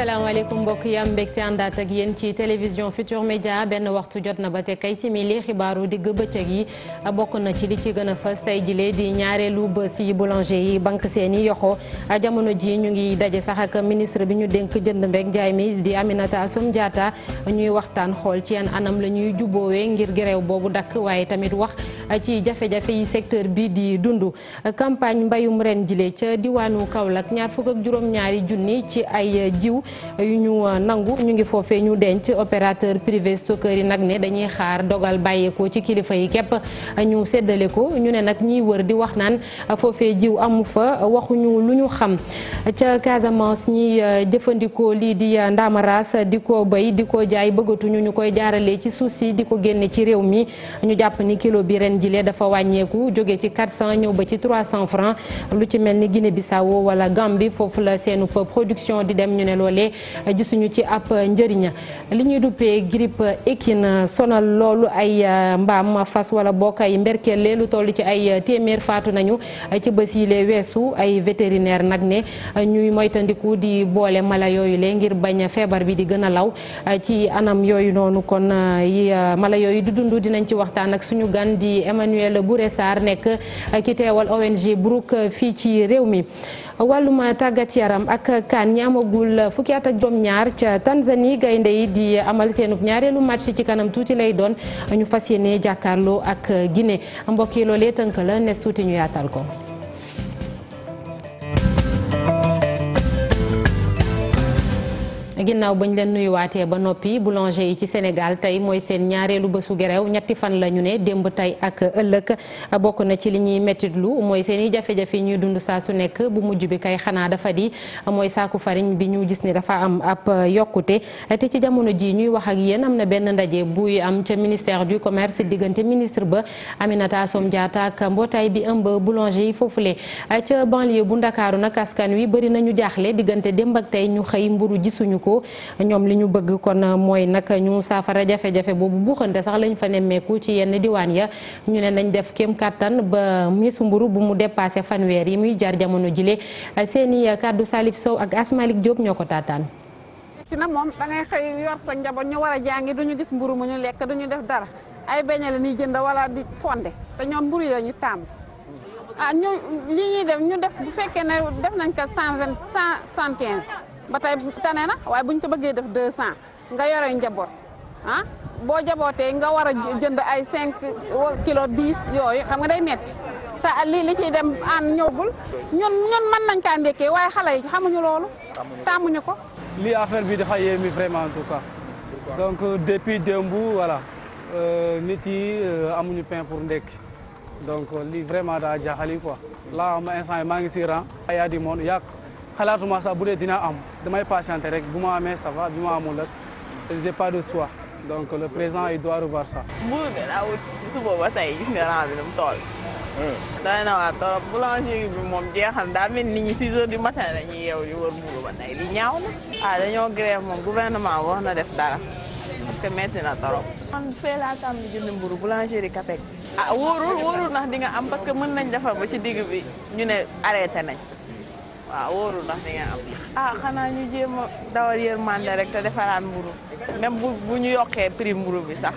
salaamaaleykum mbokk yi am mbégte àndaat ak yéen ci télévision Futur Média benn waxtu jot na ba te kay simili xibaaru digg bëccëg yi bokk na ci li ci gën a fës tey jile di ñaareelu bés yi boulanger yi banque seeni yoxo jamono ji ñu ngi daje sax ak ministre bi ñu dénk jënd mbéeg njaay mi di Aminata Assome Diatta ñuy waxtaan xool ci yan anam la ñuy jubboowee ngir grève boobu dakk waaye tamit wax ci jafe-jafe yi secteur bi di dundu campagne mbayum ren jile ca diwaanu Kaolack ñaar ak juróom-ñaari junni ci ay jiw yu ñu uh, nangu ñu ngi foofee ñu denc opérateur privé stockeur yi nag ne dañuy xaar dogal bàyyeekoo ci kilifa yi képp uh, ñu séddale ko ñu ne nag ñiy wër di wax naan uh, foofee jiw amu fa waxuñu lu ñu xam ca Casamance ñi jëfandikoo lii di ndaamaraas di ko béy di ko jaay bëggatuñu ñu koy jaaralee ci suuf si di ko génne ci réew mi ñu jàpp ni kilo bi ren jile dafa wàññeeku jóge ci 400 ñëw ba ci 300 francs lu ci mel ni Guinée Bissau wala Gambie foofu la seenu production di dem loolee gisuñu ci ab njëriña li ñuy duppee grippe équine sonal loolu ay euh, mbaam fas wala bokk ay lee lu toll ci ay euh, téeméer faatu nañu ci bés weesu ay vétérinaire nag ne ñuy moytandiku di boole mala yooyu lee ngir bañ feebar bi di gën a law ci anam yooyu noonu kon euh, yi mala yooyu di dund dinañ ci waxtaan ak suñu gan di Emmanuel Bouré Sarr nekk ki teewal ONG Brooke fii ci réew mi wàllum tàggat yaram ak kaan ñi amagul fukki jom ñaar ca Tanzanie gaynde yi di amal seenub ñaareelu match ci kanam tuuti lay doon ñu fas yéene jàkkaarloo ak gine mbokk yi loolee tënk la nes tuuti ñu yaatal ko. ginnaaw bañ leen waatee ba noppi boulanger yi ci Sénégal tey mooy seen ñaareelu bésu gerew ñetti fan la ñu ne démb tey ak ëllëg bokk na ci li ñuy mettitlu mooy seen i jafe yi ñuy dund saa su nekk bu mujj bi kay xanaa dafa di mooy saaku fariñ bi ñu gis ni dafa am ab yokkute te ci jamono ji ñuy wax ak yéen am na benn ndaje buy am ca ministère du commerce diggante ministre ba Aminata Assome Diatta ak mbootaay bi ëmb boulanger yi foofule ca banlieue bu ndakaaru nag askan wi bëri nañu jaaxle diggante démb tey ñu xëy mburu nemmeeku ñoom li ñu bëgg kon mooy nag ñu saafara jafe-jafe boobu buuxante sax lañ fa nemmeeku ci yenn diwaan ya ñu ne nañ def kéem kattan ba miisu mburu bu mu dépassé fanweer yi muy jar jamono jile seeni kàddu Salif Sow ak Asmalik Diop ñoo ko taataan ci na moom da xëy yor sa njaboot ñu war a jàngi duñu gis mburu mu ñu lekk duñu def dara ay beñe la ñuy jënd wala di fonde te ñoom mburu yi lañu tàmm ah ñu li ñuy def ñu def bu fekkee ne def nañ ko cent ba tey tane na waaye bu ñu ko bëggee def 200 nga yore njaboot ah boo jabootee nga war a jënd ay cinq kilo 10 yooyu xam nga day metti te lii li ciy dem an ñëwgul ñun ñun mën nañ kaa ndekkee waaye xale yi xamuñu loolu tàmmuñu ko lii affaire bi dafa yéemi vraiment en tout cas donc euh, depuis démb voilà euh, nit yi euh, amuñu pain pour ndekki donc lii vraiment daa jaaxali quoi là am instant yi maa ngi si rang yaa di moon xalaatuma sax bu dina am damay patienter rek bu ma amee ça va bi ma amul rek j'ai pas de choix donc le présent il doit revoir ça. mbuur bi laa wut suba ba tey gis nga rang toll. Hmm. doy na waa trop boulangerie bi moom jeexal daa mel ni ñi si heures du matin la ñuy yeew di wër mbuur ba tey li ñaaw na. ah dañoo grève moom gouvernement wax na def dara parce que métti na trop. man fee laa di jënd mburu boulangerie Capek. ah wóorul wóorul ndax di nga am parce que mën nañ defar ba ci digg bi ñu ne arrêté nañ. waaw wóorul ndax di nga am. ah xanaa ñu jéem a dawal yërmande rek te defaraan mburu même bu bu ñu yokkee prix mburu bi sax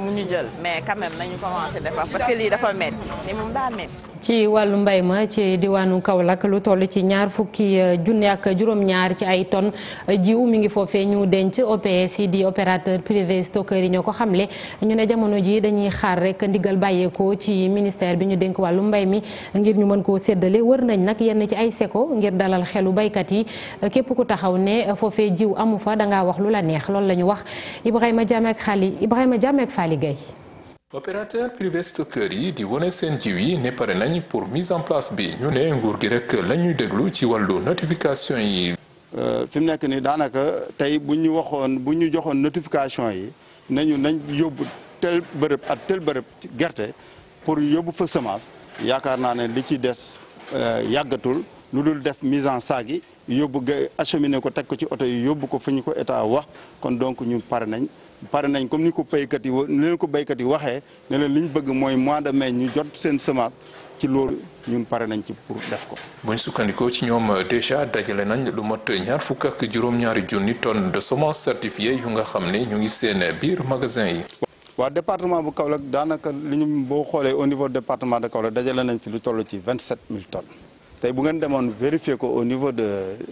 mu ñu jël mais quand même nañu commencé defar parce lii dafa métti ni moom daa métti. ci wàllu mbay ma ci diwaanu Kaolack lu toll ci ñaar fukki euh, junni ak juróom-ñaar ci ay tonnes euh, jiw mi ngi foofee ñu denc OPS yi di opérateur privé stockeur yi ñoo ko xamle ñu ne jamono ji dañuy xaar rek ndigal bàyyeekoo ci ministère bi ñu denk wàllu mbay mi ngir ñu mën koo séddale wër nañ nag yenn ci ay seko ngir dalal xelu baykat yi képp ku taxaw ne foofee jiw amu fa dangaa wax lu la neex loolu la ñu wax Ibrahima Diame ak Xali Ibrahima Diame ak Fally opérateur privé stockeur yi di wone seen jiw yi ne pare nañ pour mise en place bi ñu ne nguur gi rek la ñuy déglu ci wàllu notification yi. Euh, fi mu nekk nii daanaka tey bu ñu waxoon bu ñu joxoon notification yi nañu nañ yóbbu tel bërëb ak tel bërëb gerte pour yóbbu fa semence yaakaar naa ne li ci des euh, yàggatul lu dul def mise en sac yi yóbbu ga acheminé ko teg ko ci oto yi yóbbu ko fu ñu ko état wax kon donc ñu pare nañ. pare nañ comme ni ko béykat yi ni leen ko béykat yi waxee ne li ñu bëgg mooy mois de mais ñu jot seen semence ci loolu ñun pare nañ ci pour def ko. bu ñu sukkandikoo ci ñoom déjà dajale nañ lu mat ñaar fukk ak juróom-ñaari junni tonnes de semence certifiée yu nga xam ne ñu ngi seen biir magasin yi. waa département bu Kaolack daanaka li ñu boo xoolee au niveau département de Kaolack dajale nañ fi lu toll ci vingt sept mille tonnes. tey bu ngeen demoon vérifier ko au niveau de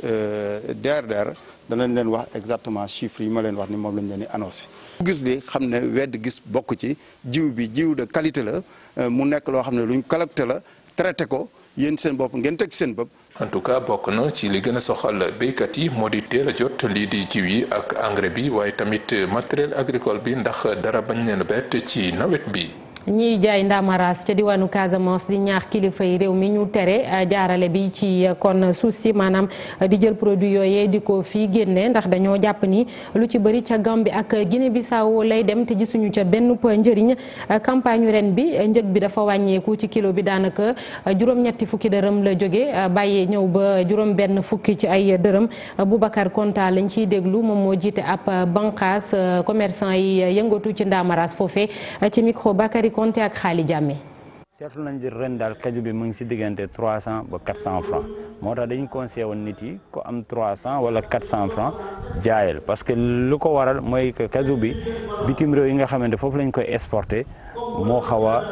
euh, DRDR danañ leen wax exactement chiffres yi ma leen wax ni moom lañ leen di annoncé. bu gis bi xam ne wedd gis bokk ci jiw bi jiw de qualité la euh, mu nekk loo xam ne luñ collecté la traité ko yéen seen bopp ngeen teg seen bopp. en tout cas bokk na ci li gën a soxal béykat yi moo di teel a jot lii di jiw yi ak engrais bi waaye tamit matériel agricole bi ndax dara bañ leen bett ci nawet bi. ñiy jaay ndamaraas ca diwaanu Casamance di ñaax kilifa yi réew mi ñu tere jaarale bi ci kon suuf si maanaam di jël produit yooyee di ko fii génne ndax dañoo jàpp ni lu ci bëri ca Gambie ak Guinée Bissau lay dem te gisuñu ca benn njëriñ campagne ren bi njëg bi dafa wàññeeku ci kilo bi daanaka juróom-ñetti fukki dërëm la jóge bàyyee ñëw ba juróom-benn fukki ci ay dërëm Boubacar Konta lañ ciy déglu moom moo jiite ab banqaas commerçant yi yëngatu ci ndamaraas foofee Bakary Konté ak Xaali Jàmme seetlu nañ di ren daal kaju bi mu ngi si diggante trois cent ba quatre cent franc moo tax dañu conseillé woon nit yi ko am cent wala quatre cent franc jaayal parce que lu ko waral mooy que kaju bi bitim réew yi nga xamante foofu lañ koy exporté moo xawa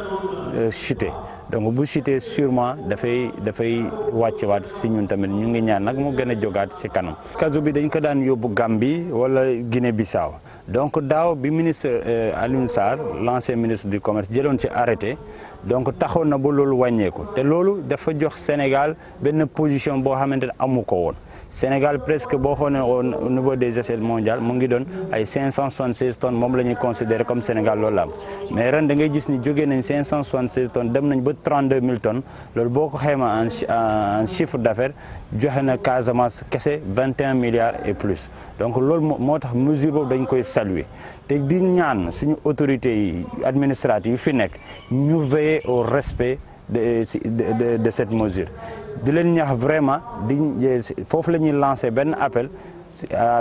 Euh, chuter donc bu chuter sûrement dafay dafay wàccewaat si ñun tamit ñu ngi ñaan nag mu gën a jógaat si kanam. kaso bi dañ ko daan yóbbu Gambie wala Guinée Bissau donc daaw bi ministre euh, Alioune Sarr l'ancien ministre du commerce jëloon ci arrêté donc taxoon na ba loolu wàññeeku te loolu dafa jox Sénégal benn position boo xamante ne amu ko woon. Sénégal presque boo xoolee au niveau des échelles mondiales mu ngi doon ay 576 tonnes moom la ñuy considéré comme Sénégal loolu la am mais ren da ngay gis ni jógee nañ 576 tonnes dem nañ ba 32 000 tonnes loolu boo ko xayma en chiffre d'affaires joxe na Casamance kese 21 milliards et plus donc loolu moo tax mesure boobu dañ koy saluer te di ñaan suñu autorités yi administratives yi fi nekk ñu veiller au respect de de de cette mesure. di leen ñax vraiment di foofu la ñuy lancer benn appel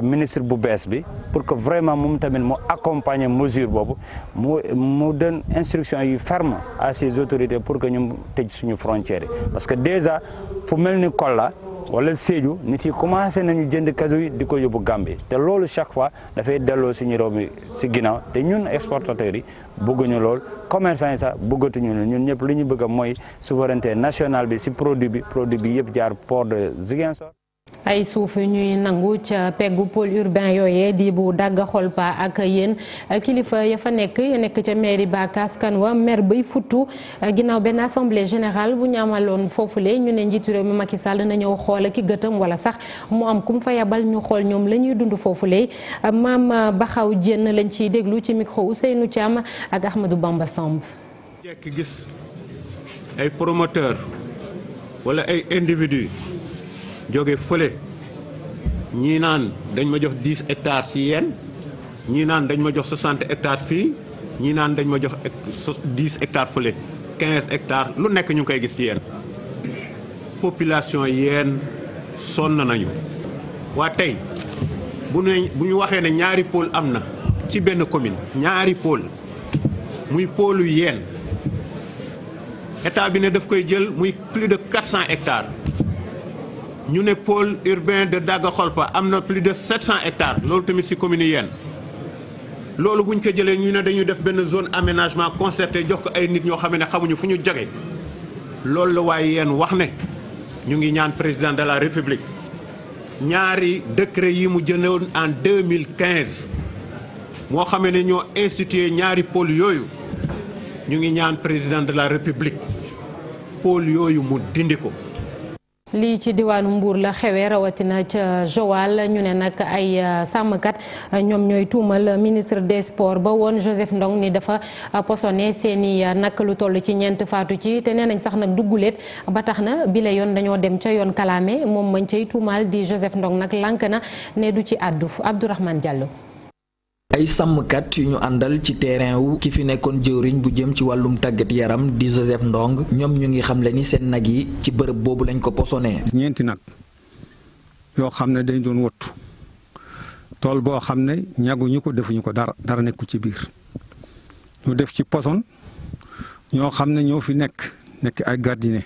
ministre bu bees bi pour que vraiment moom tamit mu accompagner mesure boobu mu mu donne instruction yi ferme à ses autorités pour que ñu tëj suñu frontières yi parce que déjà fu mel ni Kola wala Sédhiou nit yi commencé nañu jënd kasu yi di ko yóbbu Gambie te loolu chaque fois dafay delloo ñu réew mi si ginnaaw te ñun exportateurs yi bëgguñu lool commerçant yi sax bëggatuñu ñun ñëpp lu ñu bëgg mooy souveraineté nationale bi si produit bi produit bi yëpp jaar port de Ziguinchor. ay suuf ñuy nangu ca peggu pôle urbain yooyee di bu dagg xolpa ak yéen kilifa ya fa nekk ya nekk ca mairie ba askan wa maire bay futtu ginnaaw benn assemblée générale bu ñu amaloon foofule ñu ne njiitu réew mi Macky Sall ñëw xool ak i gëtam wala sax mu am ku mu fa yabal ñu xool ñoom lañuy ñuy dund foofule maam xaw Dieng lañ ciy déglu ci micro Ousseynou Thiam ak Ahmadou Bamba Samb. jóge fële ñii naan dañ ma jox 10 hectares ci yeen ñii naan dañ ma jox 60 hectares fii ñii naan dañ ma jox 10 hectares fële 15 hectares lu nekk ñu koy gis ci yeen population yeen sonn nañu waa tey bu ne bu ñu waxee ne ñaari pôle am na ci benn commune ñaari pôle muy pôlu yeen état bi ne daf koy jël muy plus de 400 hectares ñu ne pôle urbain de Daga Xolpa am na plus de 700 hectares loolu tamit ci communes yi loolu bu ko jëlee ñu ne dañuy def benn zone aménagement concerté jox ko ay nit ñoo xam ne xamuñu fu ñu jóge loolu la waaye yéen wax ne ñu ngi ñaan président de la république ñaari décret yi mu jëndoon en 2015 moo xamee ne ñoo institué ñaari pôle yooyu ñu ngi ñaan président de la république pôle yooyu mu dindi ko. lii ci diwaanu Mbour la xewe rawatina ca Joal ñu ne nag ay euh, sàmmkat euh, ñoom ñooy tuumal ministre des sports ba woon Joseph Ndong ni dafa posone seeni euh, nag lu toll ci ñeent faatu ci te nee nañ sax nag dugguleet ba tax na bile yoon dañoo dem ca yoon kalaame moom mañ cay tuumal di Joseph Ndong nag lànk na ne du ci àddu Abdourahmane Diallo ay sàmmkat yu ñu àndal ci terrain wu ki fi nekkoon jëwriñ bu jëm ci wàllum tàggat yaram di Joseph Ndong ñoom ñu ngi xam le ni seen nag yi ci bërëb boobu lañ ko posone ñeenti nag yoo xam ne dañ doon wattu tool boo xam ne ñaguñu ko defuñu ko dara dara nekku ci biir ñu def ci poson ñoo xam ne ñoo fi nekk nekk ay gardien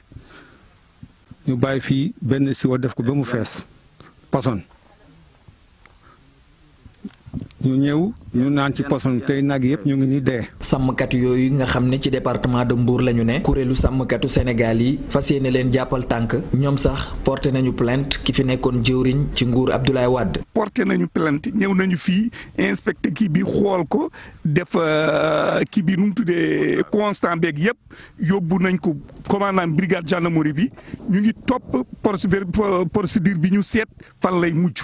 ñu bàyyi fii benn siwa def ko ba mu fees poson ñu ñëw ñu naan ci poson tey nag yëpp ñu ngi ni dee. sàmmkat yooyu nga xam ne ci département de Mbour la ñu ne. kuréelu sàmmkatu Sénégal yi fas yéene leen jàppal tànk ñoom sax porté nañu plainte ki fi nekkoon jëwriñ ci nguur Abdoulaye Wade. porté nañu plant ñëw nañu fii inspecte kii bi xool ko def euh, kii bi nu mu tuddee constant beeg yëpp yóbbu nañ ko commandant brigade gendarmerie bi ñu ngi topp procédure bi ñu seet fan lay mujj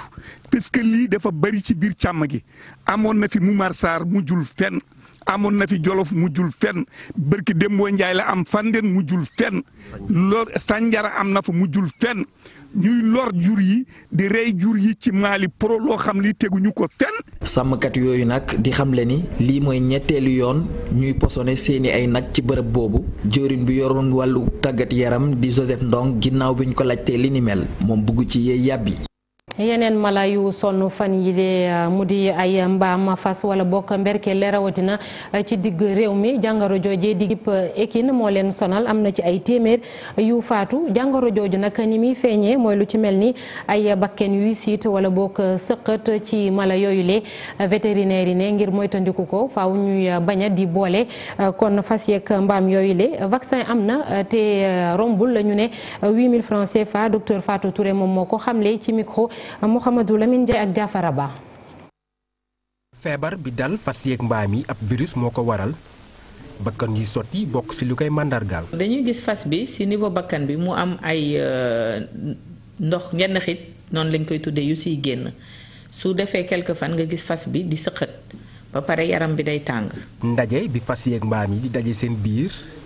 parce que lii dafa bari ci biir càmm gi. amoon na fi Mumar Sarr mujjul fenn amoon na fi Jolof mujjul fenn bërki Dembo Njaay la am Fandeen mujjul fenn lor Sanjara am na fa mujjul fenn ñuy lor jur yi di rey jur yi ci maali pro loo xam li teguñu ko fenn. sàmmkat yooyu nag di xam xamle ni lii mooy ñetteelu yoon ñuy posone seeni ay nag ci bërëb boobu jëwriñ bi yoroon wàllu tàggat yaram di Joseph Ndong ginnaaw bi ñu ko laajtee li ni mel moom bugg ci yee yàbbi. yeneen mala yu sonn fan yi de euh, mu di ay mbaam fas wala bokk mberkeel rawatina euh, ci digg réew mi jàngoro jooje digib ékin euh, moo leen sonal am na ci ay téeméer yu faatu jàngoro jooju nag ni muy feeñee mooy lu ci mel ni ay bakken yuy siit wala bokk sëqat ci mala yooyu le vétérinaire yi ne ngir moytandiku ko faaw ñuy bañ a di boole kon fas yeeg mbaam yooyu le vaccin am na te rombul la ñu ne 8000 francs CFA docteur Fatou Touré moom moo ko xamle ci micro. Mouhamadou Lamine Ndiaye ak Diafara Ba. feebar bi dal fas yéeg mbaam yi ab virus moo ko waral. bakkan yi sotti bokk ci lu koy màndargaal. dañuy gis fas bi ci niveau bakkan bi mu am ay euh, ndox yenn xit noonu lañ koy tuddee yu ciy génn su defee quelque fan nga gis fas bi di sëqët ba pare yaram bi day tàng. ndaje bi fas yéeg mbaam yi di daje seen biir.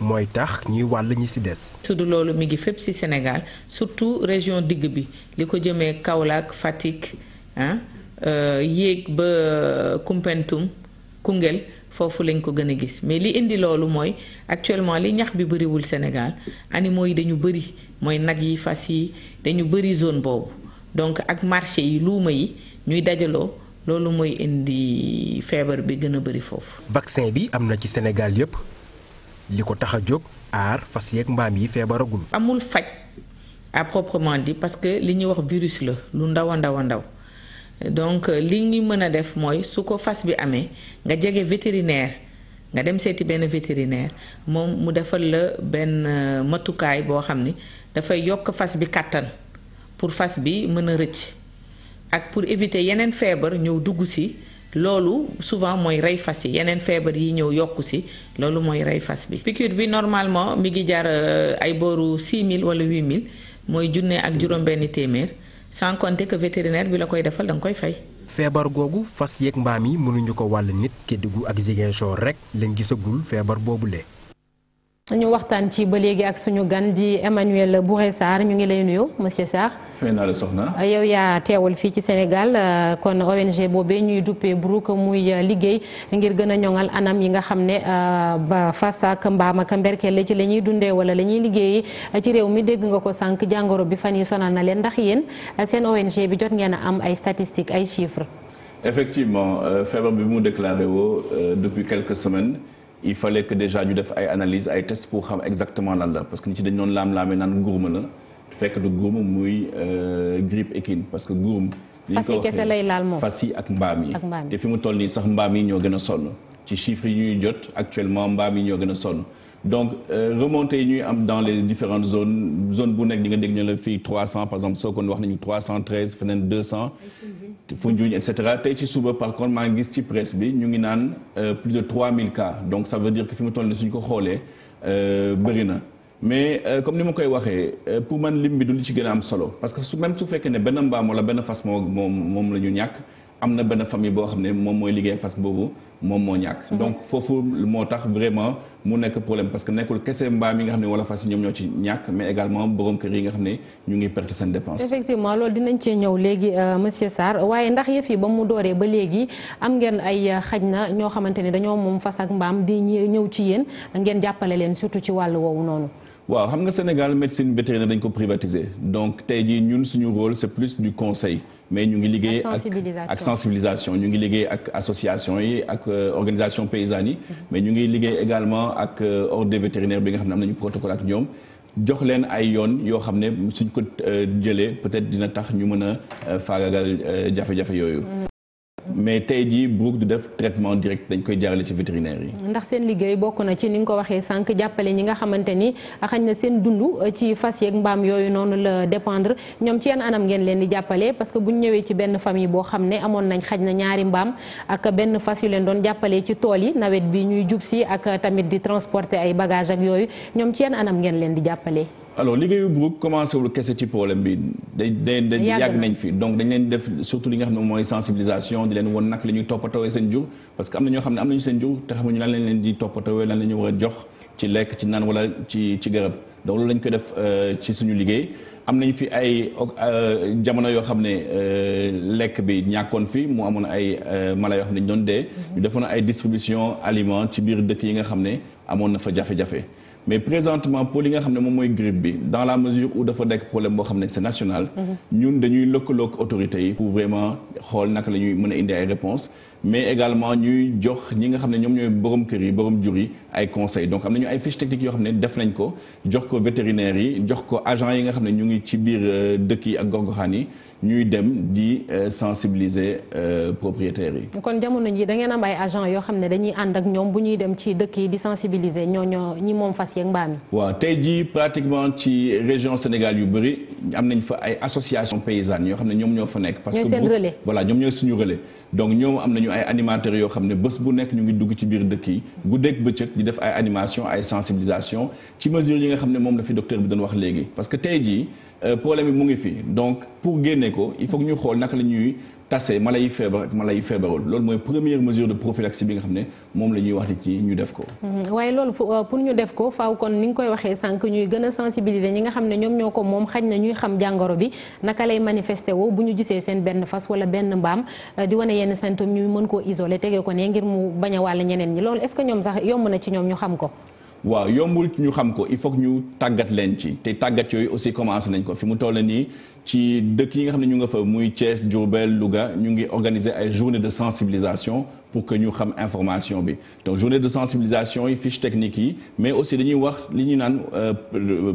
mooy tax ñuy wàll ñi ci des. su du loolu mi ngi fépp ci Sénégal surtout région digg bi li ko jëmee Kaolack fatik ah euh, yéeg ba Koumpentoum Koungheul foofu lañ ko gën a gis mais li indi loolu mooy actuellement li ñax bi bëriwul Sénégal animaux yi dañu bëri mooy nag yi fas yi dañu bëri zone boobu donc ak marché yi luuma yi ñuy dajaloo. loolu mooy indi feebar bi gën a bari foofu. vaccin bi am na ci Sénégal yépp li ko tax a jóg aar fas yeeg mbaam yi feebaragul. amul faj à di parce que li ñuy wax virus la lu ndaw a ndaw a ndaw donc li ñu mën a def mooy su ko fas bi amee nga jege vétérinaire nga dem seeti benn vétérinaire moom mu defal la benn euh, matukaay boo xam ni dafay yokk fas bi kàttan pour fas bi mën a rëcc ak pour éviter yeneen feebar ñëw dugg si. loolu souvent mooy rey fas yi yeneen feebar yi ñëw yokku si loolu mooy rey fas bi piqûre bi normalement mi ngi jar euh, ay booru 6000 wala 8000 mooy junne ak juróom-benn téeméer sans compter que vétérinaire bi la koy defal da nga koy fay. feebar googu fas yeeg mbaam yi mënuñu ko wàll nit Kédougou ak Ziguinchor rek lañ gisagul feebar boobu boobule. ñu waxtaan ci ba léegi ak suñu gan di Emmanuel Bouré Sarr ñu ngi lay nuyu monsieur Sarr. fay ah, yow yaa teewal fii ci Sénégal euh, kon ONG boobee ñuy duppee Brooke muy euh, liggéey ngir gën a ñoŋal anam yi nga xam ne euh, ba fas ak mbaam ak mberkele ci la ñuy dundee wala lañuy ñuy liggéeyee ci réew mi dégg nga ko sànq jàngoro bi fan yi sonal na leen ndax yéen seen ONG bi jot ngeen a am ay statistiques ay chiffres. effectivement feebar bi mu déclaré depuis quelques semaines. il fallait que déjà ñu def ay analyse ay tests pour xam exactement lan la parce que nit ci dañ doon laam-laamee naan guurma la fekk du guurma muy euh, grippe équine parce que guurum li ñu ko waxee fas yi laal moom fas yi ak mbaam yi te fi mu toll nii sax mbaam yi ñoo gën a sonn ci chiffres yi ñuy jot actuellement mbaam yi ñoo gën a sonn donc euh, remontée yi ñuy am dans les différentes zones zone bu nekk di nga dégg ñu la fii 300 par exemple Sokone wax nañu 313 feneen 200. Foundiougne et cetera tey ci suba par contre maa ngi gis ci presse bi ñu ngi naan euh, plus de mille cas donc ça veut dire que fi mu toll nii suñu ko xoolee euh, bëri na. mais euh, comme ni ma koy waxee pour man lim bi du ci gën a am solo parce que su même su fekkee ne benn mbaam wala benn fas moom moom la ñu ñàkk am na benn famille boo xam ne moom mooy liggéey ak fas boobu moom moo ñàkk. Mhm. donc foofu moo tax vraiment mu nekk problème parce que nekkul kese mbaam yi nga xam ne wala fas yi ñoom ñoo ci ñàkk mais également borom kër yi nga xam ne ñu ngi perte seen dépense. effectivement loolu dinañ cee ñëw léegi euh, monsieur Sarr waaye ndax yëf yi ba mu dooree ba léegi am ngeen ay euh, xaj na ñoo xamante ne dañoo moom fas ak mbaam di ñëw ci yéen ngeen jàppale leen surtout ci wàll woowu noonu. waaw xam nga Sénégal médecine vétérinaire dañ ko privatiser donc tey jii ñun suñu rôle c'est plus du conseil. mais ñu ngi liggéey ak ak sensibilisation ñu ngi liggéey ak association yi ak euh, organisation paysannes yi mm-hmm. mais ñu ngi liggéey également ak euh, ordre des vétérinaires bi nga xam ne am nañu protocole ak ñoom jox leen ay yoon yoo xam ne suñ ko euh, jëlee peut-être dina tax ñu mën a faagagal jafe-jafe yooyu mm-hmm. mais tey jii Brooke du def traitement direct dañ koy jaarale ci vétérinaire yi. ndax seen liggéey bokk na ci ni nga ko waxee sànq jàppale ñi nga xamante ni xañ na seen dund eh, ci fas yeeg mbaam yooyu noonu la dépendre ñoom ci yan anam ngeen leen di jàppale parce que bu ñu ñëwee ci benn famille boo xam ne amoon nañ xaj na ñaari mbaam ak benn fas yu leen doon jàppalee ci tool yi nawet bi ñuy jub si ak tamit di transporté ay bagages ak yooyu ñoom ci yan anam ngeen leen di jàppale. alors liggéeyu Brooke commencé wul kese ci problème bi day day day yàgg nañ fi donc dañ leen def surtout li nga xam ne mooy sensibilisation di leen woon nag la ñuy toppatawee seen jur parce que am na ñoo xam ne am nañu seen jur te xamuñu lan lañ leen di war a jox ci lekk ci naan wala ci ci garab donc loolu lañ ko def euh, ci suñu liggéey am nañu fi ay euh, jamono yoo xam ne euh, lekk bi ñàkkoon fi mu amoon ay mala yoo xam ne ñu doon dee mhm. ñu defoon ay distribution aliment ci biir dëkk yi nga xam ne amoon na fa jafe mais présentement pour li nga xam ne moom mooy grippe bi dans la mesure où dafa nekk problème boo xam ne c'est national. ñun dañuy lëkkaloog autorités yi pour vraiment xool naka la ñuy mën a indi ay réponses mais également ñuy jox ñi nga xam ne ñoom ñooy borom kër yi borom jur yi ay conseils donc am nañu ay fiches techniques yoo xam ne def nañ ko jox ko vétérinaires yi jox ko agent yi nga xam ne ñu ngi ci biir euh, dëkk yi ak gox-goxaan yi. ñuy dem di euh, sensibiliser euh, propriétaires yi. kon jamono ñi da ngeen am ay agent yoo xam ne dañuy ànd ak ñoom bu ñuy dem ci dëkk yi di sensibiliser ñoo ñoo ñi moom fas yeeg mbaam yi. waaw tey ji pratiquement ci région Sénégal yu bari am nañ fa ay association paysannes yoo xam ne ñoom ñoo fa nekk. parce que bu voilà ñoom ñooy suñu relais. donc ñoom am nañu ay animateurs yoo xam ne bés bu nekk ñu ngi dugg ci biir dëkk yi guddeeg bëccëg di def ay animation ay sensibilisation ci mesure yi nga xam ne moom la fi docteur bi doon wax léegi parce que tey Euh, problème bi mu ngi fi donc pour génne ko il faut ñu xool naka la ñuy tase mala yi feebar ak mala yi feebarul loolu mooy première mesure de prophylaxie bi nga xam ne moom la ñuy wax nit ñu def ko. Mhm. waaye loolu euh, pour ñu def ko faaw kon ni nga koy waxee sànq ñuy gën a sensibiliser ñi nga xam ne ñoom ñoo ko moom xaj na ñuy xam jàngoro bi naka lay manifesté woo bu ñu gisee seen benn fas wala benn mbaam euh, di wane yenn symptômes ñu mën koo isolé tege ko ne ngir mu bañ a ñeneen ñi loolu est-ce que ñoom sax yomb na ci ñoom ñu xam ko. waaw yombul ñu xam ko il faut ñu tàggat leen ci te tàggat yooyu aussi commencé nañ ko fi mu toll nii ci dëkk yi nga xam ne ñu nga fa muy Thiès Diourbel luga ñu ngi organiser ay journée de sensibilisation pour que ñu xam information bi donc journée de sensibilisation yi fiche technique yi mais aussi dañuy wax li ñuy naan euh,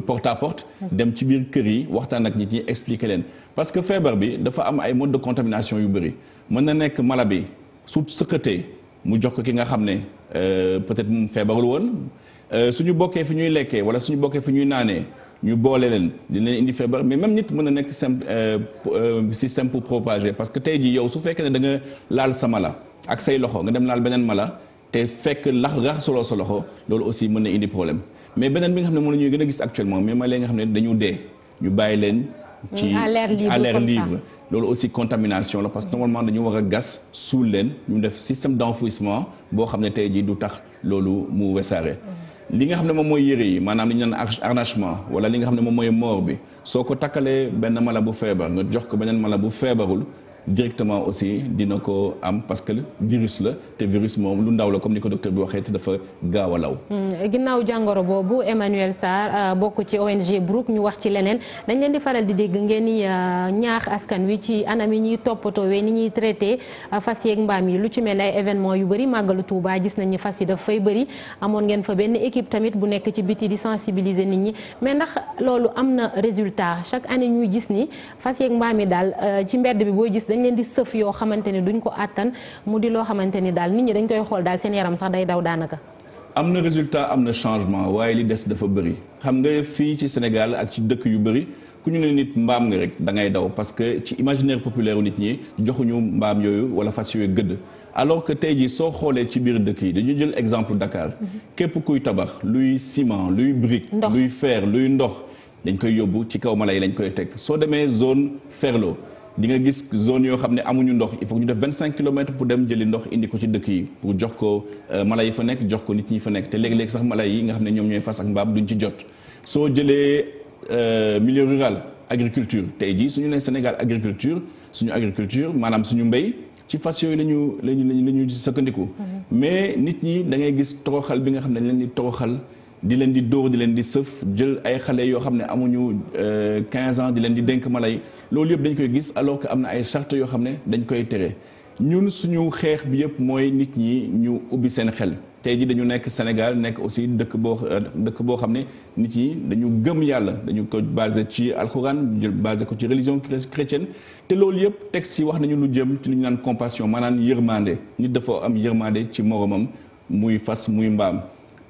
porte à porte dem ci biir kër yi waxtaan ak nit ñi explique leen parce que feebar bi dafa am ay mode de contamination yu bëri mën na nekk mala bi su sëqatee mu jox ko ki nga xam ne euh, peut-être mu feebarul Euh, suñu bokkee fi ñuy lekkee wala suñu bokkee fi ñuy naanee ñu boole leen dina indi feebar mais même nit mën na nekk système euh, pour propager parce que tey jii yow su fekkee ne da nga laal sa la ak say loxo nga dem laal beneen ma la te fekk lax solo sa loxo loolu aussi mën na indi problème mais beneen bi nga xam ne moom la gën a gis actuellement mais ma lee nga xam ne dañu dee ñu bàyyi leen. ci à mm, l'air libre loolu aussi contamination la parce que normalement dañu war a gas suul leen ñu def système d'enfouissement boo xam ne tey jii du tax loolu mu wesaare. li nga xam ne moom mooy yére yi maanaam li ñu naan harnachement wala li nga xam ne moom mooy moor bi soo ko takkalee benn mala bu feebar nga jox ko beneen mala bu feebarul directement aussi dina ko am parce que virus la te virus moom lu ndaw la comme ni ko docteur bi waxee te dafa gaaw a law. Hmm, ginnaaw jàngoro boobu Emmanuel Sarr euh, bokk ci ONG Brooke ñu wax ci leneen dañ leen di faral di dégg ngeen ni euh, ñaax askan wi ci anam yi ñuy toppatoowee ni ñuy traité euh, fas yeeg mbaam yi lu ci mel ay événement yu bëri màggalu Touba gis nañ ni fas yi daf fay bëri amoon ngeen fa benn équipe tamit bu nekk ci biti di sensibilisé nit ñi mais ndax loolu am na résultat chaque année ñuy gis ni fas yeeg mbaam yi dañ leen di sëf yoo xamante ni duñ ko àttan mu di loo xamante ni daal nit ñi dañ koy xool daal seen yaram sax day daw daanaka. am na résultat am na changement waaye li des dafa bëri xam nga fii ci Sénégal ak ci dëkk yu bëri ku ñu ne nit mbaam nga rek da ngay daw parce que ci imaginaire populaire nit ñi joxuñu mbaam yooyu wala fas yooyu gëdd. alors que tey jii soo xoolee ci biir dëkk yi dañu jël exemple Dakar képp kuy tabax luy ciment luy brique. luy fer luy ndox dañ koy yóbbu ci kaw mala yi lañ koy teg soo demee zone Ferlo. di nga gis zone yoo xam ne amuñu ndox il faut ñu def vingt cinq kilomètres pour dem jëli ndox indi ko ci dëkk yi pour jox ko euh, mala yi fa nekk jox ko nit ñi fa nekk te léeg-léeg sax mala yi nga xam ne ñoom ñooy fas ak mbaam duñ ci jot soo jëlee euh, milieu rural agriculture tey jii suñu nee Sénégal agriculture suñu agriculture maanaam suñu mbéy ci fas yooyu la ñu la ñu la ñu sëkkandiku mm-hmm. mais nit ñi da ngay gis toroxal bi nga xam ne leen di xal di leen di dóor di leen di sëf jël ay xale yoo xam ne amuñu 15 euh, ans di leen di dénk mala yi loolu yëpp dañ koy gis alors que am na ay charte yoo xam ne dañ koy tere ñun suñu xeex bi yëpp mooy nit ñi ñu ubbi seen xel tey ji dañu nekk Sénégal nekk aussi dëkk boo boo xam ne nit ñi dañu gëm yàlla dañu ko basé ci alxuraan basé ko ci religion chrétienne te loolu yëpp texte yi wax nañu lu jëm ci lu ñu naan compassion maanaam yërmande nit dafa am yërmande ci moromam muy fas muy mbaam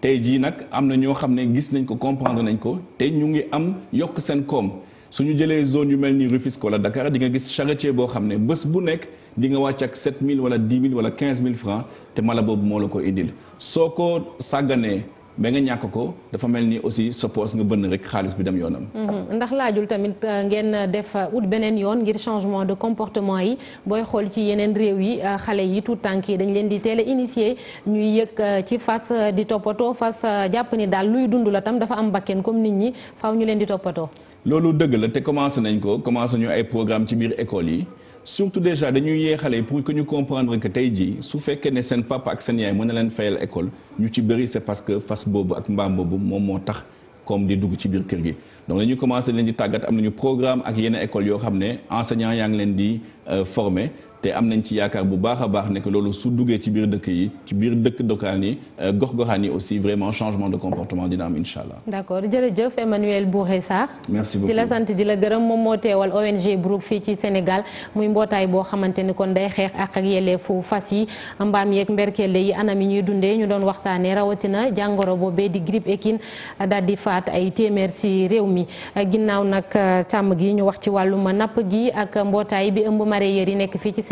tey jii nag am na ñoo xam ne gis nañ ko comprendre nañ ko te ñu ngi am yokk seen koom su ñu jëlee zone yu mel ni Rufisque wala Dakar di nga gis charretier boo xam ne bés bu nekk di nga wàcc ak 7000 wala dix 000 wala 15 000 francs te mala boobu moo la ko indil soo ko sàgganee ba nga ñàkk ko dafa mel ni aussi sa nga bënn rek xaalis bi dem yoonam. Mhm. ndax laajul tamit euh, ngeen euh, def euh, ut beneen yoon ngir changement de comportement yi booy xool ci yeneen réew yi xale yi tout tànk yi dañ leen di teel a initier ñuy yëg ci fas di toppatoo fas jàpp ni daal luy dund la tam dafa am bakken comme nit ñi faw ñu leen di toppatoo. loolu dëgg la te commencé nañ ko commencé ñu ay programme ci biir école yi. surtout déjà dañuy yéexale pour que ñu comprendre que tey jii su fekkee ne seen papa ak seen yaay mën na leen fayal école ñu ci bëri c'est parce que fas boobu ak mbaam boobu moom moo tax comme di dugg ci biir kër gi donc dañuy commencé leen di tàggat am nañu programme ak yenn école yoo xam ne enseignants yaa ngi leen di euh, former te am nañ ci yaakaar bu baax a baax ne que loolu su duggee ci biir dëkk yi ci biir dëkk dokkaan yi euh, gox-goxaan yi aussi vraiment changement de comportement dina am incha allah. d'accord jërëjëf Emmanuel Bouré Sarr. merci beaucoup di la sant di la gërëm moom moo teewal ONG Brooke fii ci Sénégal muy mbootaay boo xamante ni kon day xeex ak yelleefu fas yi mbaam yeeg mberkelle yi anam yi ñuy dundee ñu doon waxtaanee rawatina jàngoro boobee di grippe équine daal di faat ay téeméer réew mi ginnaaw nag sàmm euh, gi ñu wax ci wàllum napp gi ak mbootaay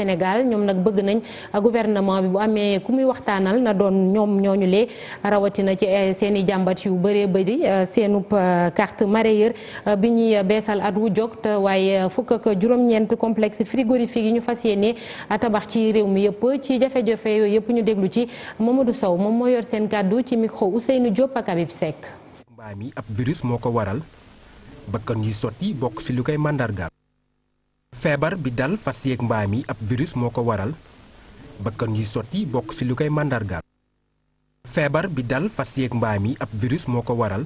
Sénégal ñoom nag bëgg nañ gouvernement bi bu amee ku muy waxtaanal na doon ñoom ñooñu lee rawatina ci eh, seen i jàmbat yu bëree eh, seenu seenub eh, carte mareyeur bi ñuy beesal at wu jóg te waaye fukk ak juróom-ñeent complexe frigorifique yi ñu fas yéene tabax ci réew mi yëpp ci jafe-jafe yooyu yëpp ñu déglu ci Mamadou Sow moom moo yor seen kàddu ci micro Ousseynou Diop ak Habib Seck. mbaam yi moo ko waral feebar bi dal fas yeeg mbaam yi ab virus moo ko waral bakkan yu sotti bokk ci lu koy màndargaal feebar bi dal fas yéeg mbaam yi ab virus moo ko waral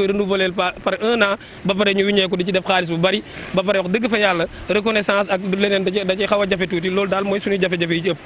koy renouveler par par un an ba pare ñu wiññeeku di ci def xaalis bu bari ba pare wax dëgg fa yàlla reconnaissance ak leneen da ci jafe tuuti loolu daal mooy suñu jafe-jafe yi ci ëpp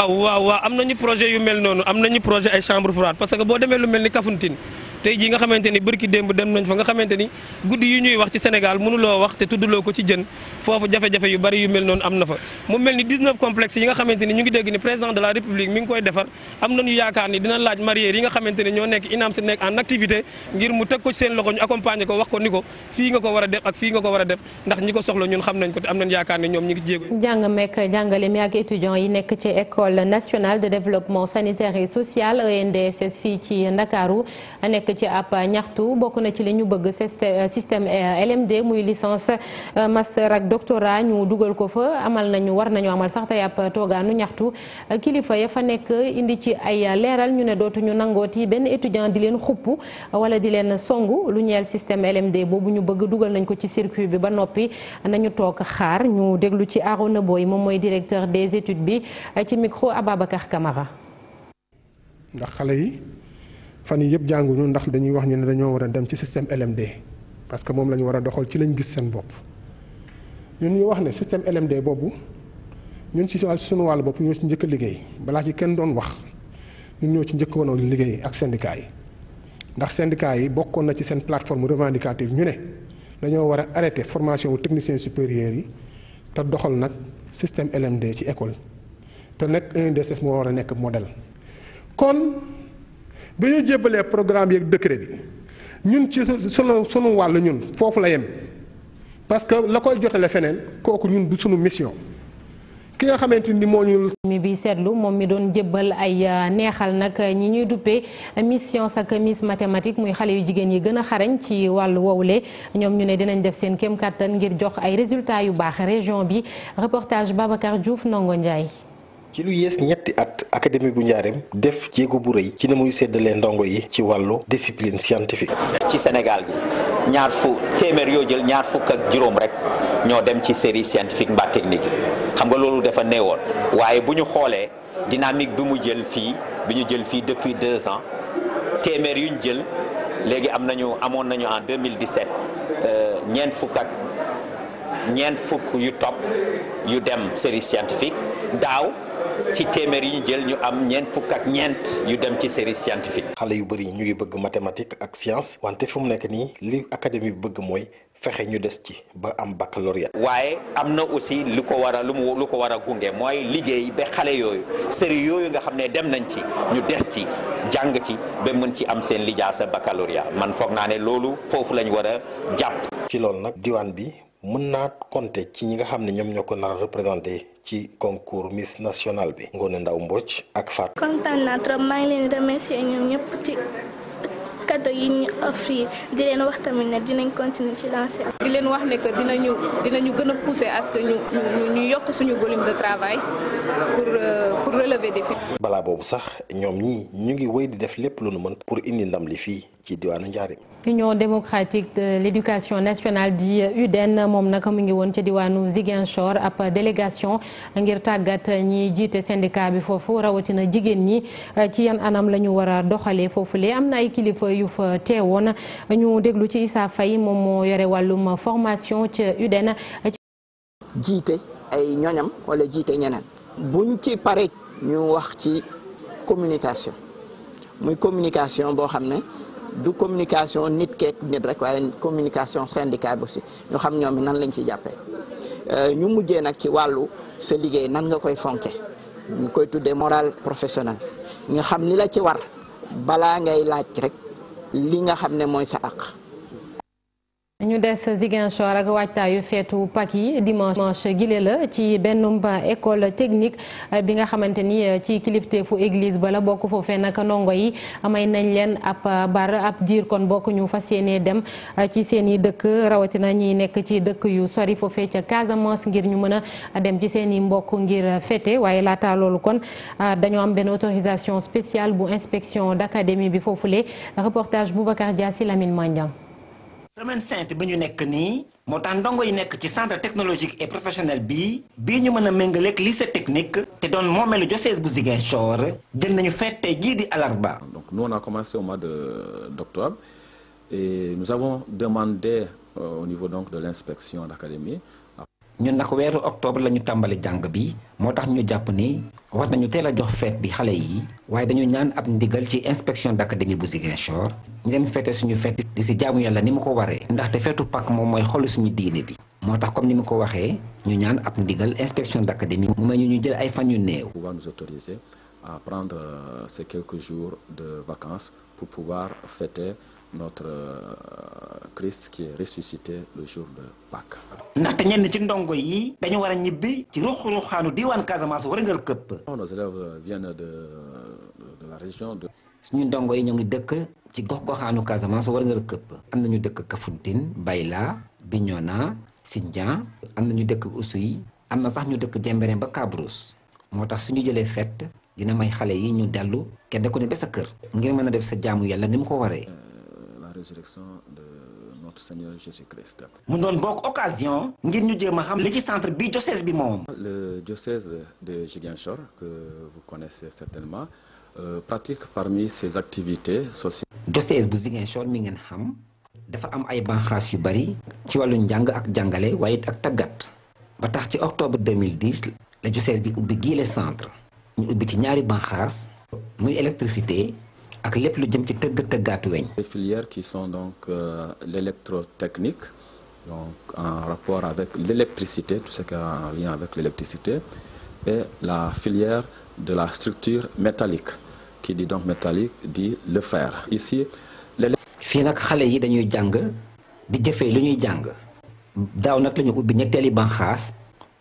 waaw waaw waaw am projet yu mel noonu am nañu projet ay chambre froide parce que boo demee lu mel ni Kafountine tey jii nga xamante ni bërki démb dem nañ fa nga xamante ni guddi yu ñuy wax ci Sénégal mënuloo wax te tudduloo ko ci jën foofu jafe-jafe yu bari yu mel noonu am na fa mu mel ni 19 complexes yi nga xamante ni ñu ngi dégg ni président de la république mi ngi koy defar am nañu yaakaar ni dina laaj mareyeurs yi nga xamante ñoo nekk inaam si nekk en activité ngir mu teg ko seen loxo ñu accompagner ko wax ko ni ko fii nga ko war a def ak fii nga ko a def ndax ñi ko soxla ñun xam nañ ko te am nañ yaakaar ne ñoom ñi ngi jéego jàng mekk jàngale mi ak étudiants yi nekk ci école nationale de développement sanitaire et social ENDSS fii ci Ndakaaru ci ab ñaxtu bokk na ci li ñu bëgg euh, système euh, LMD muy licence euh, master ak doctorat ñu dugal ko fa amal nañu war nañu amal sax tey ab toogaanu ñaxtu kilifa ya fa nekk indi ci ay leeral ñu ne dootuñu nangooti benn étudiant di leen xupp wala di leen songu lu ñeel système LMD boobu ñu bëgg dugal nañ ko ci circuit bi ba noppi nañu toog xaar ñu déglu ci Arona yi moom mooy directeur des études bi ci micro Ababacar Camara ndax xale yi fan yi yëpp jànguñu ndax dañuy wax ñu ne dañoo war a dem ci système LMD parce que moom la ñu war a doxal ci lañ gis seen bopp ñun ñu wax ne système LMD boobu ñun ci wàllu sunu wàllu bopp ñoo ci njëkk liggéey balaa ci kenn doon wax ñun ñoo ci njëkk woon liggéey ak syndicat yi ndax syndicat yi bokkoon na ci seen plateforme revendicative ñu ne dañoo war a arrêté formation wu technicien supérieur yi te doxal nag système LMD ci école te nag un moo war a nekk modèle kon. ba ñu jébalee programme yeeg décret bi ñun ci sunu sunu wàll ñun foofu la yem parce que la koy jotale feneen kooku ñun du sunu mission ki nga xamante ni moo ñu. mi bi seetlu moom mi doon jébbal ay euh, neexal nag ñi ñuy duppee mission ak miss mathématique muy xale yu jigéen yi gën a xarañ ci wàllu le ñoom ñu ne dinañ def seen kéem kàttan ngir jox ay résultats yu baax région bi reportage Babacar Diouf Ndongo Ndiaye. ci lu yées ñetti at académie bu njaareem def jéego bu rëy ci ne muy séddalee ndongo yi ci wàllu disipline scientifique. ci Sénégal bi ñaar fu téeméer yoo jël ñaar fukk ak juróom rek ñoo dem ci série scientifique mbaa technique yi xam nga loolu dafa néewoon waaye bu ñu xoolee dynamique bi mu jël fii bi ñu jël fii depuis deux ans téeméer yu ñu jël léegi am nañu amoon nañu en 2017 euh, ñeent fukk ak ñeent fukk yu topp yu dem série scientifique daaw. ci téeméer yi ñu jël ñu am ñeent fukk ak ñeent yu dem ci série scientifique. xale yu bëri ñu ngi bëgg mathématique ak science wante fu mu nekk nii li académie bi bëgg mooy. fexe ñu des ci ba am baccalauréat waaye am na aussi lu ko war a lu mu lu ko war a gunge mooy liggéey ba xale yooyu seri yooyu nga xam ne dem nañ ci ñu des ci jàng ci ba mën ci am seen lijaa sa baccalauréat man foog naa ne loolu foofu lañ war a jàpp. ci loolu nag diwaan bi. mën naa compter ci ñi nga xam ne ñoom ñoo ko nar a représenté ci concours Miss National bi Ngoné Ndaw Mbodj ak Fat kontaan naa trop maa leen di ñoom ñëpp ci cadeau yi ñu offrir di leen wax tamit ne dinañ continuer ci lancer di leen wax ne que dinañu dinañu gën a que ñu ñu ñu yokk suñu volume de travail pour euh, pour relever défi. balaa boobu sax ñoom ñii ñu ngi woy di def lépp lu nu mën pour indi ndam li fii. ci diwaanu Njaareem. Union démocratique de l'éducation nationale di UDEN moom nag mu ngi woon ca diwaanu Ziguinchor ab délégation ngir tàggat ñi jiite syndicat bi foofu rawatina jigéen ñi ci yan anam lañu ñu war a doxalee foofulee am na ay kilifa yu fa teewoon ñu déglu ci Issa fay moom moo yore wàllum formation ca UDEN. jiite ay ñoñam wala jiite ñeneen. buñ ci paree ñu wax ci communication muy communication boo xam ne. du communication nit keek nit rek waaye communication syndicat bi aussi ñu xam ñoom nan lañ ci jàppee euh, ñu mujjee nag ci wàllu sa liggéey nan nga koy fonke ñu koy tuddee moral professionnel nga xam ni la ci war balaa ngay laaj rek li nga xam ne mooy sa àq ñu des Ziguinchor ak waajtaayu feetu pak yi dimanche gile la ci benn école technique eh, bi nga xamante ni eh, ci kilifteefu église bala bokk foofee nag ndongo yi amay nañ leen ab bar ab jiir kon bokk ñu fas yéenee dem eh, ci seen i dëkk rawatina ñiy nekk ci dëkk yu sori foofee ca Casamance ngir ñu mën a dem ci seeni mbokk ngir fete waaye laata loolu kon dañoo am benn autorisation spéciale bu inspection d'académie bi foofule reportage Boubacar Dia si Lamine Mandiang semaine sainte bi ñu nekk nii moo tax ndongo yi nekk ci centre technologique et professionnel bi bii ñu mën a méngaleeg lycée technique te doon moomeelu diocèse bu Ziguinchor jël nañu fête jii di alarba. donc nous on a commencé au mois de d'octobre et nous avons demandé euh, au niveau donc de l'inspection d'académie ñun ndax weeru octobre la ñu tàmbali jàng bi moo tax ñu jàpp ni war nañu teel a jox feet bi xale yi waaye dañu ñaan ab ndigal ci inspection d'académie bu Ziguinchor ñu dem feete suñu feet di si jaamu yàlla ni mu ko waree ndaxte feetu pak moom mooy xolu suñu diine bi moo tax comme ni mu ko waxee ñu ñaan ab ndigal inspection d'académie mu may ñu ñu jël ay fan yu néew. pouvoir nous autoriser à prendre euh, ces quelques jours de vacances pour pouvoir notre euh, Christ qui est ressuscité le jour de Pâques. ndaxte ñenn ci ndongo yi dañu war ñibbi ci ruq-ruqaanu diwaan Casamance wërngal këpp. nos élèves euh, viennent de de la de. suñu ndongo yi ñoo ngi dëkk ci gox-goxaanu Casamance nga këpp. am na ñu dëkk Kafountine Bayla Bignona Sindian am nañu dëkk Oussouye am na sax ñu dëkk Jemberen ba Kabrousse moo tax su ñu jëlee fête dina may xale yi ñu dellu kenn ku ne ba sa kër ngir mën a def sa jaamu yàlla ni mu ko waree. résurrection de notre mu doon bokk occasion ngir ñu jéem a xam li ci centre bi diocèse bi moom. le diocèse de Ziguinchor que vous connaissez certainement euh, pratique parmi ses activités sociales. diocèse bu Ziguinchor mi ngeen xam dafa am ay banqaas yu bari ci wàllu njàng ak jàngale waaye ak tàggat ba tax ci octobre 2010 la diocèse bi ubbi gii le centre ñu ubbi ci ñaari banxaas muy électricité. ak lépp lu jëm ci tëgg tëggaatu weñ. les filières qui sont donc euh, l'électrotechnique donc en rapport avec l'électricité tout ce qui lien avec l'électricité et la filière de la structure métallique qui di donc métallique di le fair ici. fii nag xale yi dañuy jàng di jëfee lu ñuy jàng daaw nag la ubbi ñetteeli banxaas.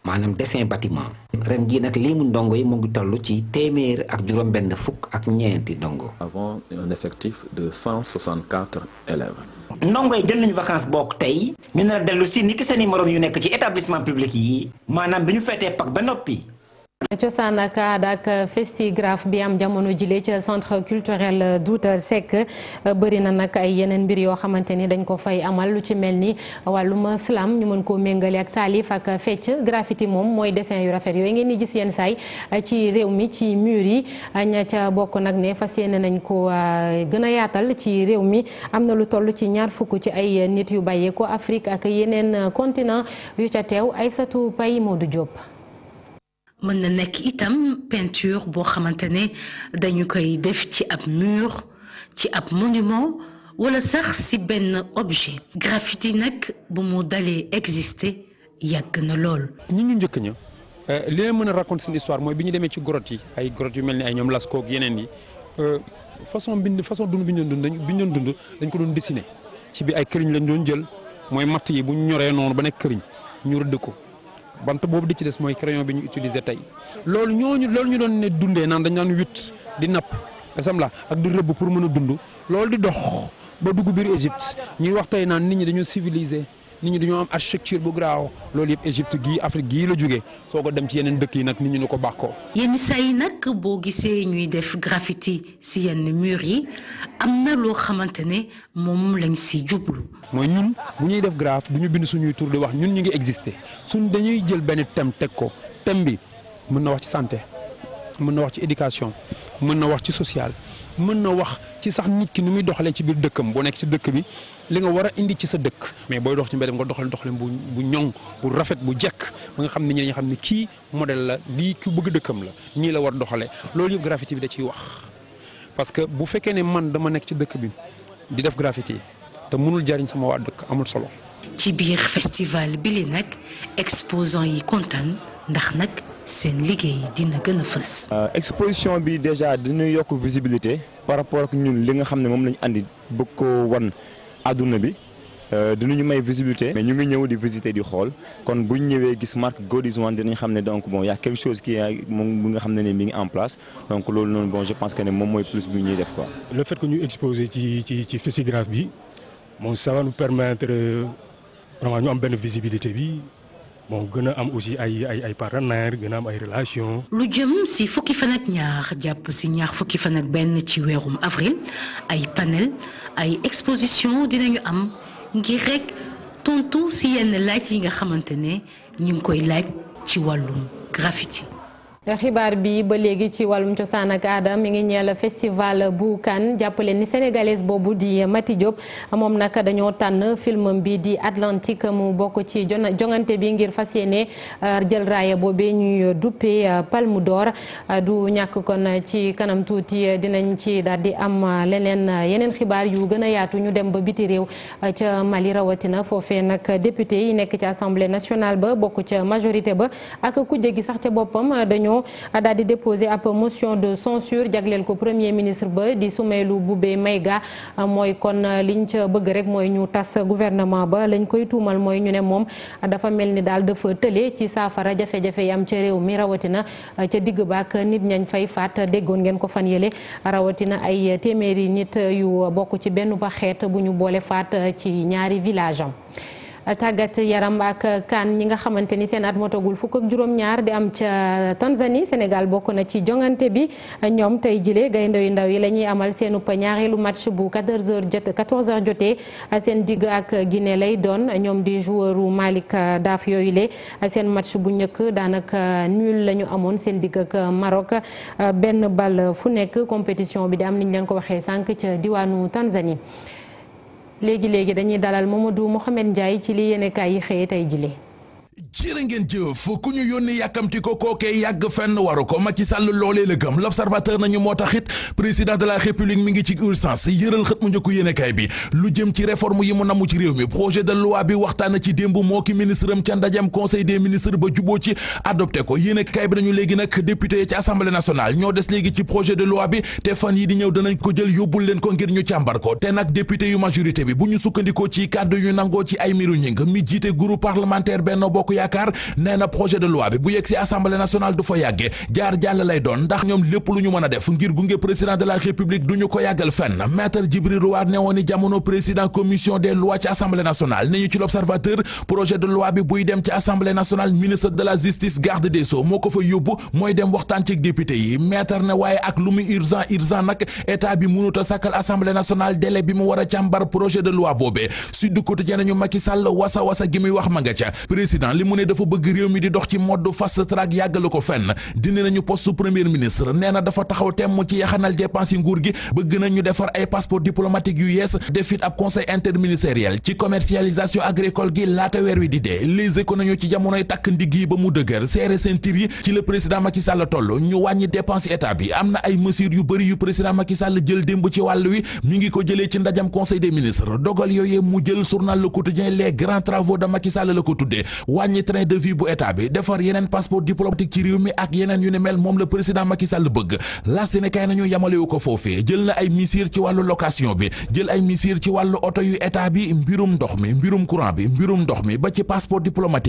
maanaam dessin bâtiment ren jii nag lii mu ndongo yi mu ngi toll ci téeméer ak juróom-benn fukk ak ñeenti ndongo. avons un effectif de 164 élèves. ndongo yi jël nañu vacance book tey. ñu ne a dellu si ni ki seen i morom yu nekk ci établissement public yi. maanaam bi ñu feetee pak ba noppi. cosaan ak aada ak festigraphe bi am jamono jile ca centre culturel Douta Seck bëri na nag ay yeneen mbir yoo xamante ni dañ ko fay amal lu ci mel ni wàllum slam ñu mën koo méngale ak taalif ak fecc graffiti moom mooy dessin yu rafet yooyu ngeen di gis yenn saay ci réew mi ci mur yi ña ca bokk nag ne fas yéene nañ ko euh, gën a yaatal ci réew mi am na lu toll ci ñaar fukk ci ay nit yu bàyyeekoo Afrique ak yeneen continent yu ca teew ay Aïssatou Paye Modou Diop mën na nekk itam peinture boo xamante ne dañu koy def ci ab mur ci ab monument wala sax si benn objet graffiti nag bu mu dalee exister yàgg na lool. ñu ñu njëkk ña euh, li leen mën a raconter seen histoire mooy bi ñu demee ci grotte yi ay grotte yu mel ni ay ñoom Lascaux ak yeneen yi euh, façon bind façon dund bi ñu doon dund bi ñu dund dañ ko doon dessiner ci bi ay këriñ lañ doon jël mooy matt yi bu ñu ñoree noonu ba nekk këriñ ñu rëdd ko. bant boobu di ci des mooy crayon bi ñu utiliser tey loolu ñooñu loolu ñu doon ne dundee naan dañ naan witt di napp esam la ak di rëbb pour mën a dund loolu di dox ba dugg biir Égypte ñuy wax tey naan nit ñi dañu civiliser nit ñi dañoo am architecture bu garaaw loolu yëpp Égypte gii Afrique gii la jógee soo ko dem ci yeneen dëkk yi nag nit ñi ñu ko bàkkoo. yenn saa yi nag boo gisee ñuy def graffiti si yenn mur yi am na loo xamante ne moom lañ si jublu. mooy ñun bu ñuy def graaf du ñu bind suñuy tur di wax ñun ñu ngi existe suñ dañuy jël benn thème teg ko thème bi mën na wax ci sante mën na wax ci éducation mën na wax ci social mën na wax ci sax nit ki nu muy doxalee ci biir dëkkam bu nekk ci dëkk bi. li nga war a indi ci sa dëkk mais booy dox ci mbedd nga doxalee doxalee bu bu ñoŋ bu rafet bu jekk ba nga xam ne ñi nga xam ne kii model la lii ki bëgg dëkkam la ñii la war doxalee loolu yëpp graffiti bi da ciy wax. parce que bu fekkee ne man dama nekk ci dëkk bi di def graffiti te mënul jariñ sama waa dëkk amul solo. ci biir festival bi li nag exposant yi kontaan ndax nag seen liggéey dina gën a fës. Euh, exposition bi déjà dina yokk visibilité par rapport ak ñun li nga xam ne moom lañu andi bëgg ko wan. àdduna bi euh, dinañu may visibilité mais ñu ngi ñëw di visiter di xool kon buñ ñëwee gis marque God is one dinañ xam ne donc bon y a quelque chose qui moom nga xam ne ne mi ngi en place donc loolu noonu bon je pense que ne moom mooy plus bu ñuy def quoi. le fait que ñu exposé ci ci ci photographe bi moom ça va nous permettre euh, vraiment ñu am benn visibilité bi. bon gën a am aussi ay ay ay gën a am ay relation lu jëm si fukki fan ak jàpp si ñaax fukki fan ak benn ci weerum avril ay panel ay exposition dinañu am ngir rek tontu si yenn laaj yi nga xamante ne ñu ngi koy laaj ci wàllum graffiti xibaar bi ba léegi ci wàllum cosaan ak aada mi ngi la festival bu Cannes jàppale ni sénégalaise boobu di Mati Diop moom nag dañoo tànn film bi di Atlantique mu bokk ci jongante bi ngir fas yéene euh, jël raaya boobee ñuy duppee euh, Palme door euh, du ñàkk kon ci kanam tuuti dinañ ci daal di am leneen yeneen xibaar yu gën a yaatu ñu dem ba biti réew ca Mali rawatina foofee nag député yi nekk ca assemblée nationale ba bokk ca majorité ba ak kujje gi sax ca boppam Union daal di déposé ab motion de censure jagleel ko premier ministre ba di sumay Soumeylou Boubèye Maïga mooy kon liñ ca bëgg rek mooy ñu tas gouvernement ba lañ koy tuumal mooy ñu ne moom dafa mel ni daal dafa tële ci saafara jafe-jafe yi ca réew mi rawatina ca digg baak nit ñañ fay faat déggoon ngeen ko fan yële rawatina ay téeméeri nit yu bokk ci benn ba xeet bu ñu boole faat ci ñaari village tàggat yaram ak kan ñi nga xamante ni seen at motagul fukk ak juróom-ñaar di am ca Tanzanie Sénégal bokk na ci jongante bi ñoom tey jile gaynde yu ndaw yi la ñuy amal seen upp ñaareelu match bu 14h jot 14h jotee seen digg ak Guinée lay doon ñoom di joueuru Malick Daaf yooyu le seen match bu njëkk daanaka nul la ñu amoon seen digg ak Maroc benn bal fu nekk compétition bi di am niñ leen ko waxee sànq ca diwaanu Tanzanie. léegi léegi dañuy dalal Mamadou Mouhamed Ndiaye ci li yéenekaay yi xëyee tey jile jërë ngeen jëf ku ñu yónni yàkkamti ko kookee yàgg fenn waru ko Macky Sall loolee la gëm l'observateur nañu moo tax it président de la république mi ngi ci urgence yëral xët mu njëkku yéenekaay bi lu jëm ci réforme yi mu namu ci réew mi projet de loi bi waxtaana ci démb moo ki ministre ca ndajam conseil des ministres ba juboo ci adopté ko yéenekaay bi nañu léegi nag député yi ci assemblée nationale ñoo des léegi ci projet de loi bi te fan yi di ñëw danañ bu ñu sukkandikoo ci kàddu yu nangoo ci ay miru ñing mi bokk yaakaar nee na projet de loi bi bu yegg si assemblée nationale du fa yàgge jaar jàll lay doon ndax ñoom lépp lu ñu mën a def ngir gunge président de la république du ñu ko yàggal fenn maître Djibril Rouane ne woon ni jamono président commission des lois ci assemblée nationale ne ñu ci l'observateur projet de loi bi buy dem ci assemblée nationale ministre de la justice garde des sceaux moo ko fa yóbbu mooy dem waxtaan ci député yi maître ne waaye ak lu a a li mu ne dafa bëgg réew mi di dox ci mode fast track yàggale ko fenn dindi nañu poste premier ministre nee na dafa taxaw temm ci yaxanal dépense yi nguur gi bëgg nañu defar ay passeport diplomatique yu yees def it ab conseil interministériel ci commercialisation agricole gi laata weer wi di dee les économies ci jamonoy takk ndigg yi ba mu dëgër seere seen yi ci le président Macky Sall toll ñu wàññi dépense état bi am na ay mesures yu bëri yu président Macky Sall jël démb ci wàll wi ñu ngi ko jëlee ci ndajam conseil des ministres dogal yooyee mu jël journal les grands travaux de Macky Sall la ko tuddee ak yeneen yu ne mel moom la président Macky Sall bëgg la Sénégal nañu yamalewu ko foofee jël na ay bi jël ay misir ci wàllu oto yu état bi mbirum ndox mi mbirum courant bi mbirum ndox mi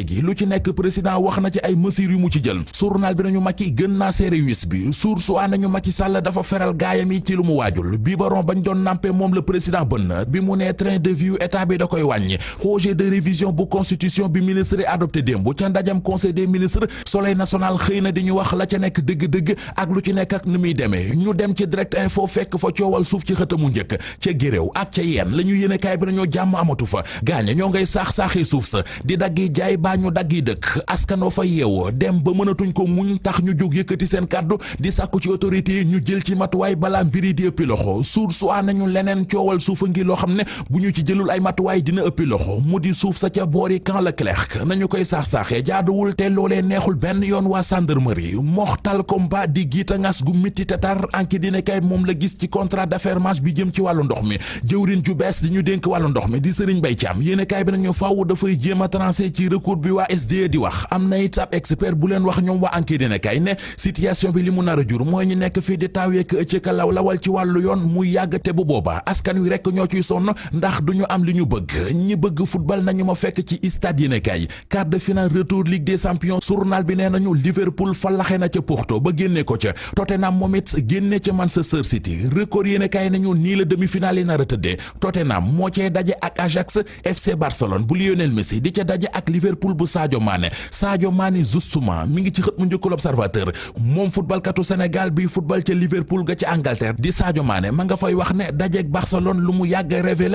yi lu ci nekk président wax na ci ay mesures yu mu ci jël journal bi nañu Macky gën naa seere wis bi suur su a nañu Macky Sall dafa feral gaayam yi ci lu mu waajul biberon bañ doon nampé moom la président bënn bi mu nee train de vie état bi da koy wàññi projet de révision bu constitution bi ministre adopté démb ca ndajam conseil des ministres soleil national xëy na di ñu wax la ca nekk dëgg-dëgg ak lu ci nekk ak ni muy demee ñu dem ci direct info fekk fa coowal suuf ci xëtamu njëkk ca géréw ak ca yeen la ñu yéene kaay bi nañoo jàmm amatu fa gaaña ñoo ngay saax-saaxi suuf sa di daggi jaay baa ñu daggi dëkk askanoo fa yeew dem ba mënatuñ ko muñ tax ñu jóg yëkkati seen kàddu di sàkku ci autorité yi ñu jël ci matuwaay balaa mbiri di ëppi loxo suur suwaa nañu leneen coowal suufa ngi loo xam ne bu ci jëlul ay matuwaay dina ëppi loxo mu di suuf sa ca boori Camp Leclerc nañu koy saax-saaxee jaaduwul te loolee neexul benn yoon waa gendarmerie moxtal combat di giita ngas gu mitti te tar anki dina kay moom la gis ci contrat d'affermage bi jëm ci wàllu ndox mi jëwrin ju bees di ñu dénk wàllu ndox mi di Serigne Mbaye Thiam yéene kaay bi nag ñu faaw dafay jéem a ci recours bi waa SDE di wax am na it ab expert bu leen wax ñoom waa anki dina kay ne situation bi li mu nar a jur mooy ñu nekk fii di taaweeka ëccëka law lawal ci wàllu yoon muy yàgg bu boobaa askan wi rek ñoo ciy sonn ndax du ñu am li ñu bëgg ñi bëgg football nañu ma fekk ci stade yéene kaay quart de finale retour Ligue des champions journal bi nee nañu Liverpool fa na ca Porto ba génne ko ca Tottenham moom it génne ca Manchester City record yéen nañu nii la demi-finale yi a tëddee Tottenham moo cee daje ak Ajax FC Barcelone bu Lionel Messi di ca daje ak Liverpool bu Sadio Mané Sadio Mané justement mi ngi ci xët mu njëkk l'Observateur moom footballkatu Sénégal bi football ca Liverpool ga ca Angleterre di Sadio Mané ma nga fay wax ne dajeeg Barcelone lu mu yàgg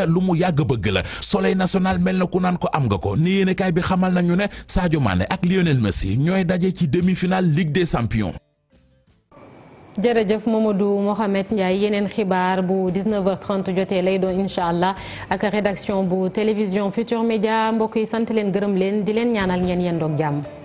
lu mu yàgg bëgg la Soleil na ku naan ko am nga ko ni yéen ne Sadio Mané ak Lionel Messi ñooy daje ci demi-finale Ligue des Champions. jërëjëf Mamadou Mohamed Ndiaye yeneen xibaar bu 19h30 jotee lay doon incha allah ak rédaction bu télévision Futur Média mbokk yi sant leen gërëm leen di leen ñaanal ngeen yendoog jàmm.